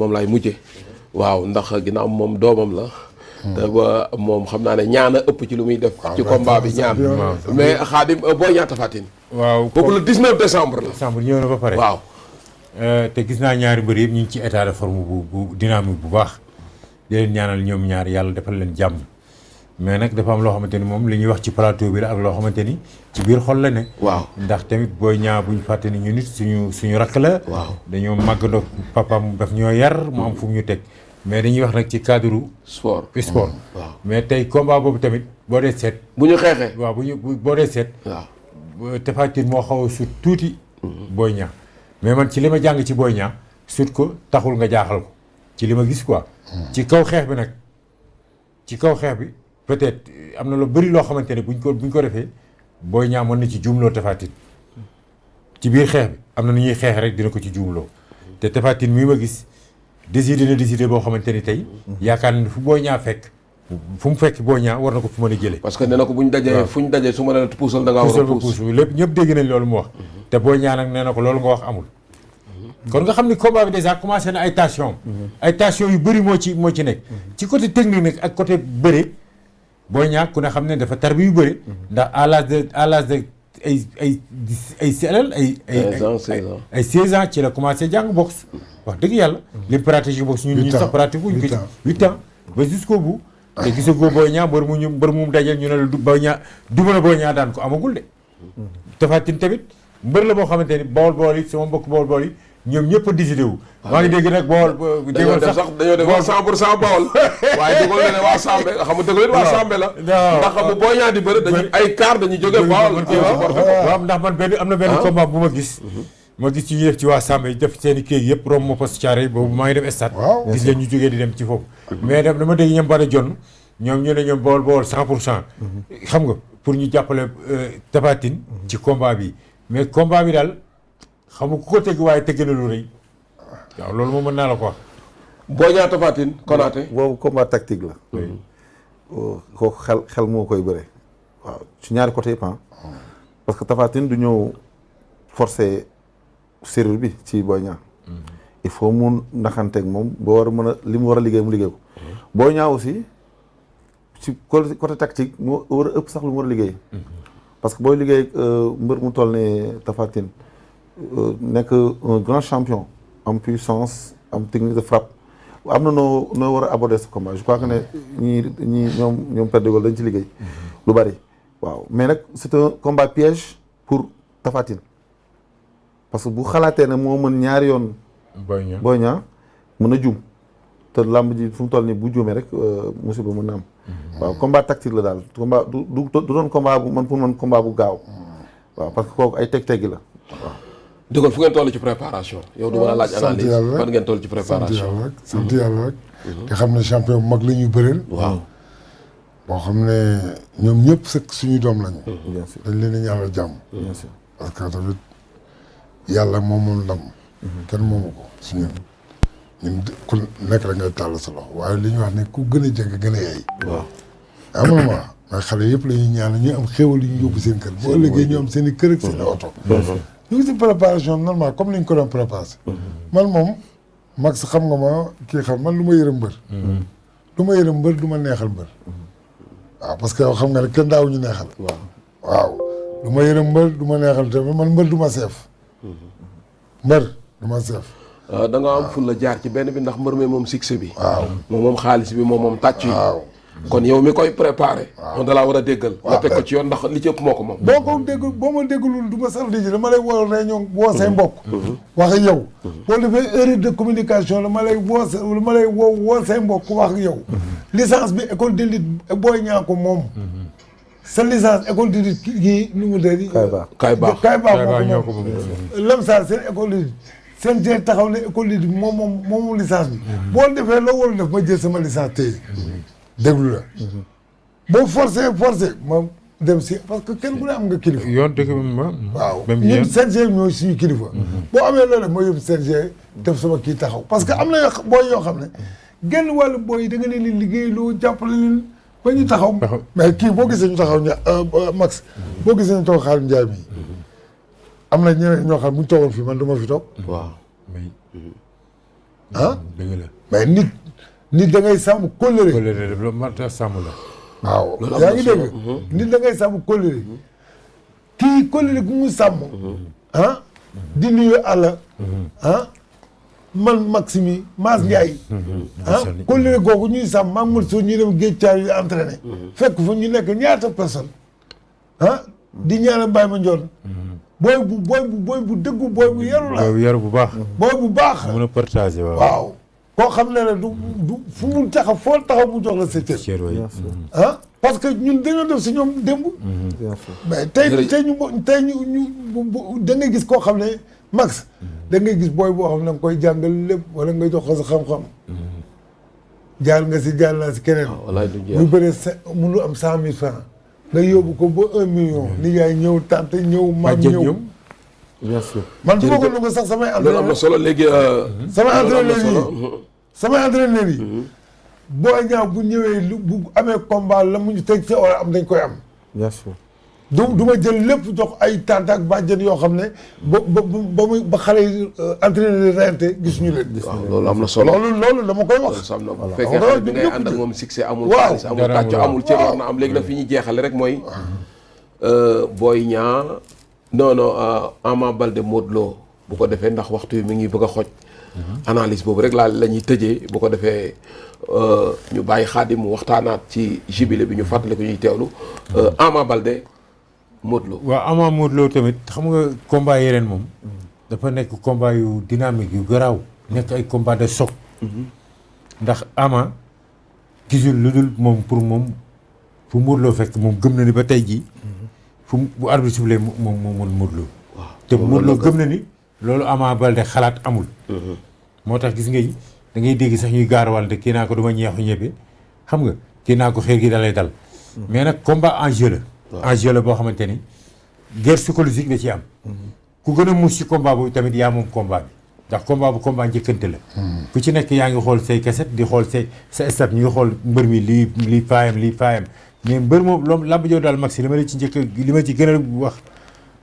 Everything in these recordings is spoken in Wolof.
moom laay mujje waaw ndax ginnaaw moom doomam la te ba moom xam naa ne ñaan a ëpp ci lu muy def ci combat bi ñaan mais xaadim euh, boo ñaata fatin waaw boobu le 19 décembre la décembre ñëw na ba pare waaw euh, te gis naa ñaari mbër yëpp ñu ngi ci état de forme bu bu dynamique bu baax di leen ñaanal ñoom ñaari yàlla defal leen jàmm mais nag dafa am loo xamante ni moom li ñuy wax ci plateau bi la ak loo xamante ni ci biir xol la ne. waaw ndax tamit Boy Niang bu ñu fàtte ni ñu nit suñu suñu rakk la. waaw dañoo màggandoo mu daf ñoo yar mu am fu mu ñu teg. mais dañuy wax nag ci cadre. sport sport. Mm. waaw mais tey combat boobu tamit boo dee seet. bu ñu bu boo dee seet. waaw moo xaw a sut tuuti. Mm-hmm. Boy Niang mais man ci li ma jàng ci booy ñaa sut ko taxul nga jaaxal ko ci li ma gis quoi. Mm. ci kaw xeex bi nag ci kaw xeex bi. peut-être am na lu bëri loo xamante ne buñ ko buñ ko defee booy ñaa mën na ci juumloo tafaatin ci biir xeex bi am na nu ñuy xeex rek dina ko ci juumloo te tafaatin mii ma gis décidé na décidé boo xamante ni tey yaakaar na fu booy ñaa fekk fu mu fekk boo ñaa war na ko fu ma a jëlee. parce que nee na ko bu ñu dajee fu ñu dajee su ma la puusal da ngaa war a puus lépp ñëpp dégg nañ loolu mu wax. te boo ñaa nag nee na ko loolu nga wax amul. kon nga xam ni combat na ay tension mhm. ay yu bëri moo ci moo ci nekk. Mhm. ci côté technique booy ñaar ku ne xam ne dafa tarbi yu bëri. ndax à de à l'âge de ay ay ay selal ay. ay ay 16 ans ci la commencé jàng boxe. wax dëgg yàlla. li pratique boxe ñun ñu sax pratique wuñ ko ci 8 ans ba jusqu'au bout. te gisagoo booy ñaar mbër mu ñu mbër mu dajal ñu ne la du booy ñaar du mën a booy ñaa daan ko amagul de. Tapha Tine tamit mbër la boo xamante ni bool bool yi sama mbokk bool bool yi. ñoom ñëpp a digité wu. Ah maa ngi dégg nag bool. dañoo def sax dañoo def wax 100 pour 100 bool. waaye dugal na ne waa Sambé xam nga dëgg la waa Sambé la. ndax xam nga boo ñaar di bëri dañuy dañuy jógee bool. waaw ndax man benn am na benn ah. combat bu ma gis. Mhm. ma gis ci ñuy def ci waa Sambé def seen i yëpp romb ma fas caare boobu maa ngi dem stade. waaw ñu jógee di dem ci foofu. Mhm. mais dem dama dégg ñoom Bada Dione ñoom ñu ne ñoom bool bool 100 pour 100. Mhm. xam nga pour ñu jàppale euh, Tapha ci combat bi mais combat bi daal xam nga ku ko teg waaye teg na lu rëy waaw loolu moo mën naa la ko wax. boo ñaata Tafatine Konaté. boobu combat tactique la. Oh, xel moo koy bëre. waaw ci ñaari côté yëpp ah. oh. parce que Tafatine du ñëw force serrure bi ci Boy Niang. Mm-hmm. il faut mu naxanteeg moom boo war a mën a li mu war a liggéey mu liggéey ko. Mm-hmm. Boy Niang aussi ci côté tactique moo war a ëpp sax lu mu war a liggéey. Mm-hmm. parce que booy liggéey euh, mbër mu toll ne Tafatine. Euh, nekk un grand champion am puissance am technique de frappe am na noo noo war a aborder ce combat crois que ne ñii ñii ñoom ñoom Père de Gaulle dañ ci liggéey mm-hmm. lu bari waaw mais nag c'est un combat piège pour Tapha parce que bu xalaatee ne moo mën ñaari yoon Boy Niang mën a jum te làmb ji fu mu toll nii bu juumee rek euh, musiba mën na am mm-hmm. waaw combat tactique la daal combat du doon combat bu man pour man bu gaaw mm-hmm. waaw parce que kooku ay teg-tegi la dëggal fu ngeen toll ci préparation. yow du ma la laaj analyse fan ngeen toll ci préparation sant yàlla mhm. rek mhm. te xam ne champion bu mag la ñuy bëreel. boo xam ne ñoom ñëpp sëkk suñu doom lañu. Mhm, bien dañ leen di ñaanal jàmm. bien sûr parce que tamit yàlla moom moom ndam. kenn moomu ko suñu ñun ku nekk la ngay tàll sa loxo waaye li ñu wax ne ku gën a jege gën a yey. waaw amul ma mais xale yëpp la ñuy ñaan ñu am xéwal yu ñu yóbbu seen kër. bu ëllëgee ñu am seen i kër ak seen i oto. ñu ngi si préparation normal comme ni ñu ko doon préparé. Mhm. man moom Max xam nga ma kii xam man lu ma yërëm mbër. Mhm. ma yërëm mbër du ma neexal mbër. Mhm. waaw parce que xam nga ne kenn daawuñu neexal. waaw lu ma yërëm mbër du ma neexal tamit man mbër du ma seef. mbër du ma seef. Ah, da nga am ful la jaar ci benn bi ndax mbër mi moom succès bi. waaw moom xaalis bi moom moom tàcc yi. kon yow mi koy préparé. waaw da laa war a déggal. nga teg ko ci yoon ndax li ci ëpp moo ko moom. boo ko déggul boo ma déggalul du ma sax di ji dama lay woo réunion woo say mbokk. Mm-hmm. Mm-hmm. wax ak yow. Mm-hmm. boo defee erreur de communication dama lay woo sa dama lay woo woo say mbokk wax ak yow. licence bi école de lutte booy ñaa ko moom. sa licence école de lutte kii nu mu dee. kay baax kay baax kay baax ñoo ko moom lamsaar seen école de lutte. seen tey taxaw ne école de lutte moom moom moomu licence bi. boo defee loo war a def ma jël sama licence tey. déglu la. Mhm. boo forcé forcé moom dem si parce que kenn ku ne am nga kilifa. yoon dëgg ma. waaw ñun CNG ñooy suñu kilifa. Mhm. boo amee loolu mooy yóbbu CNG def sama kii taxaw parce que am na booy yoo xam ne genn wàllu booy da nga ne leen liggéeyloo jàppale ñu taxaw. ma kii boo gisee ñu taxaw ña euh, euh, Max. Mhm. boo gisee ñu toog xaalis Ndiaye mii. am na ñeneen ñoo xam ne bu ñu toogoon fii man du ma fi toog. waaw. ah. dëgg ni da ngay sàmm kóllëre. kóllëre développement sàmm la. waaw yaa ngi dégg mhm. nit da ngay sàmm kóllëre. kii kóllëre gu mu sàmm. Mhm. ah di nuyu àll. Mhm. Ah, man Maxime ah, Mass Ndiaye. ah kóllëre googu ñuy sam maa ngi ñu dem géej caar yu entraîné. fekk fu ñu nekk ñaata personne ah di ñaanal Baye Mandione. booy bu booy bu booy bu dëggu booy bu yaru la. booy bu yaru baax. booy bu baax. mën a partager waaw. koo xam ne ne du du fu mu taxaw foo taxaw mu jox la sa cër ah parce que ñun dañoo def si ñoom démb mm-hmm. mais tey tey ñu tey ñu ñu da ngay gis koo xam ne max da ngay gis booy boo xam ne nga koy jàngal lépp wala nga jox ko sa mm-hmm. nga si jaar naa si keneen ah, muy am cent mille francs nga yóbbu ko ba mm-hmm. ñëw tante ñëw maam ñëw man du ma ko lu ko sax samay entraîneur loolu am na solo léegi euh, samay entraîneur sama entraîneur yi. Mhm. boo ñaaw bu ñëwee lu bu amee combat la mu ñu teg ci wala am dañ koy am. bien sûr. du du ma jël lépp jox ay tante ak bàjjen yoo xam ne ba ba ba muy ba xale yi euh, entraîneur rente gis ñu leen. waaw loolu am na solo loolu loolu dama koy wax. sam na bu fekkee xale bi ngay ànd ak moom succès amul. waaw amul tàccu amul cër war na am léegi nag fi ñuy jeexale rek mooy. Euh, Boy Niang euh, non non Ama Baldé Modou Lo. boo ko defee ndax waxtu yi mi ngi bëgg a xoj analise boobu rek laa la ñuy tëjee boo ko defee euh, ñu bàyyi xaadim mu waxtaanaat ci jubilé bi ñu fàttali ko ñuy teewlu euh, Ama Baldé Modou Lo waaw Ama Modou tamit xam nga combat yi ren moom dafa nekk combat yu dynamique yu garaaw nekk ay combat de choc ndax lu dul moom pour moom fu Modou fekk moom gëm na ni ba tey jii fu bu arbitre sifflé moom moo te Modou gëm na ni loolu Ama Baldé xalaat amul. Mhm. moo tax gis nga da ngay dégg sax ñuy gaar gaarawal de kii naa ko duma ñeexu ñebe xam nga kii naa ko xeer gi dalay dal. Mhm. mais nag combat en jeu la. boo xamante ni guerre psychologique da ciy am. Mhm. ku gën a muus ci combat boobu tamit yaa moom combat bi. ndax combat bu combat njëkkante la. ku ci nekk yaa ngi xool say kaset di xool say sa stade ñu ngi xool mbër mi lii lii paayam lii paayam mais mbër moom loolu làmb joo daal mag si ma la ci njëkk li ma ci gën a wax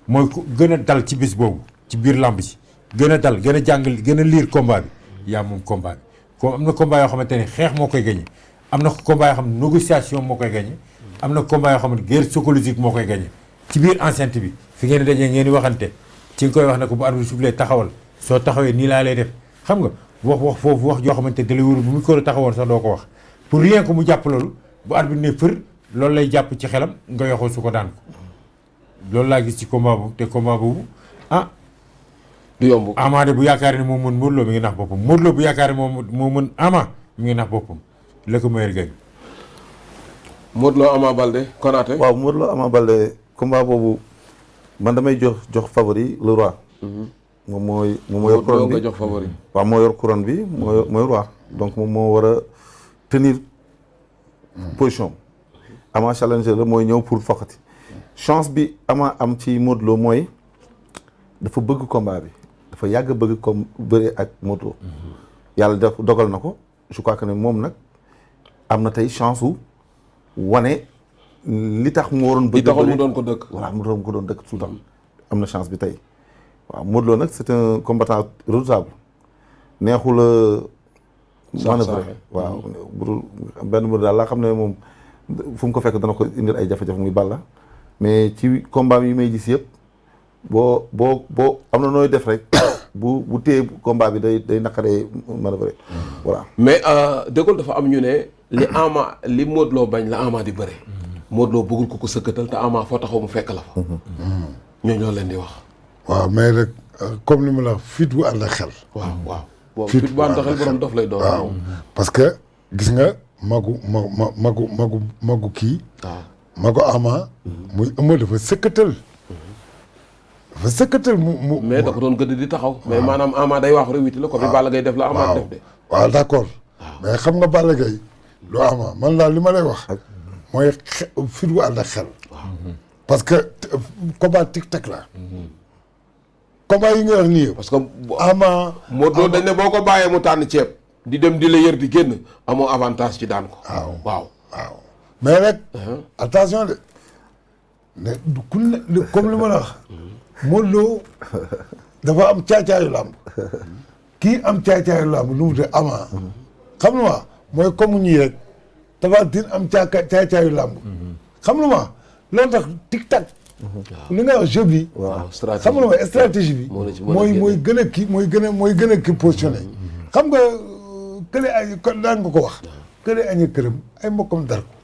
mooy ku gën a dal ci bis boobu. ci biir làmb ji gën a dal gën a jàng gën a liir combat bi yaa moom combat bi comme am na combat yoo xamante ne xeex moo koy gagné am na combat yoo xam ne négociation moo koy gagné am na combat xam ne guerre psychologique moo koy gagné ci biir enceinte bi fi ngeen dajee ngeen waxante ci nga koy wax ne ko bu arbitre sifflee taxawal soo taxawee nii laa lay def xam nga wax wax foofu wax joo xamante ne wóor bu mu ko taxawoon sax doo ko wax pour rien que mu jàpp loolu bu arbitre ne fër loolu lay jàpp ci xelam nga yoxoo su ko daan ko loolu laa gis ci combat boobu te combat boobu ah du yomb de bu yaakaar ni moo mën Modou Lo ngi nax boppam Modou Lo bu yaakaar ni moo moo mën Ama mu ngi nax boppam la ko mayal gañ Modou Lo Ama Baldé Konaté waaw damay jox jox favori le mhm. mooy moom moo yor couronne bi jox favori waaw moo bi moo mooy roi donc moom moo war a tenir potion Ama challenger la mooy ñëw pour fokkati chance bi Ama am ci Modou mooy dafa bëgg combat bi dafa yàgg bëgg comme bëre ak moto. yàlla def dogal na ko je crois que ne moom nag am na tey chance su wane li tax mu waroon. bëgg a mu doon ko dëkk. voilà mu doon ko doon dëkk Soudan am na chance bi tey waaw Modou Lo nag c'est un combattant redoutable neexul manœuvre waaw budul benn mbir daal laa xam ne moom fu mu ko fekk dana ko indil ay jafe-jafe muy Balla mais ci combat yi may gis yëpp. boo boo boo am na nooy def rek bu bu téye combat bi day day naqaree manœuvrer voilà mais euh, De Gaulle dafa am ñu ne li Ama li Modou loo bañ la Ama di bëre Modou Lo bëggul ko ko sëkkatal te Ama foo taxaw mu fekk la fa ñooñu leen di wax waaw mais rek euh, comme ni mu la wax fit bu ànd ak xel waaw waaw fit bu ànd ak xel borom dof lay doon waaw parce que gis nga magu ma ma magu magu magu kii waaw ah. magu Ama muy ëmma dafa sëkkatal dafa sëkkatal mu mu. mais da doon gëdd di taxaw. mais maanaam Ama day wax rek la. ko bi Balla Gaye def la Ama def de. waaw d'accord mais xam nga Balla Gaye lu Ama man daal li ma lay wax. mooy xe fii du ànd xel. parce que combat tic tac la. Mhm. a yi nga wax nii. parce que Ama. moo doon dañ ne boo ko bàyyee mu tànn ceeb. di dem di la yër di génn amoo avantage ci daan ko. waaw waaw waaw. mais rek. Uh-huh. attention de. comme li ma la wax. Mhm. Modou Lo dafa am caay-caayu kii am caay-caayu làmb lu mu ama xam lu ma mooy comme ñii rek Tapha am caa caay-caayu làmb xam lu ma loolu tax tic tac li nga wax jeu bi xam lu ma stratégie bi mooy mooy gën a kii mooy gën a mooy gën a kii positionné mm-hmm. xam nga kële ay daan nga ko wax kële aña këram ay mbokkam dar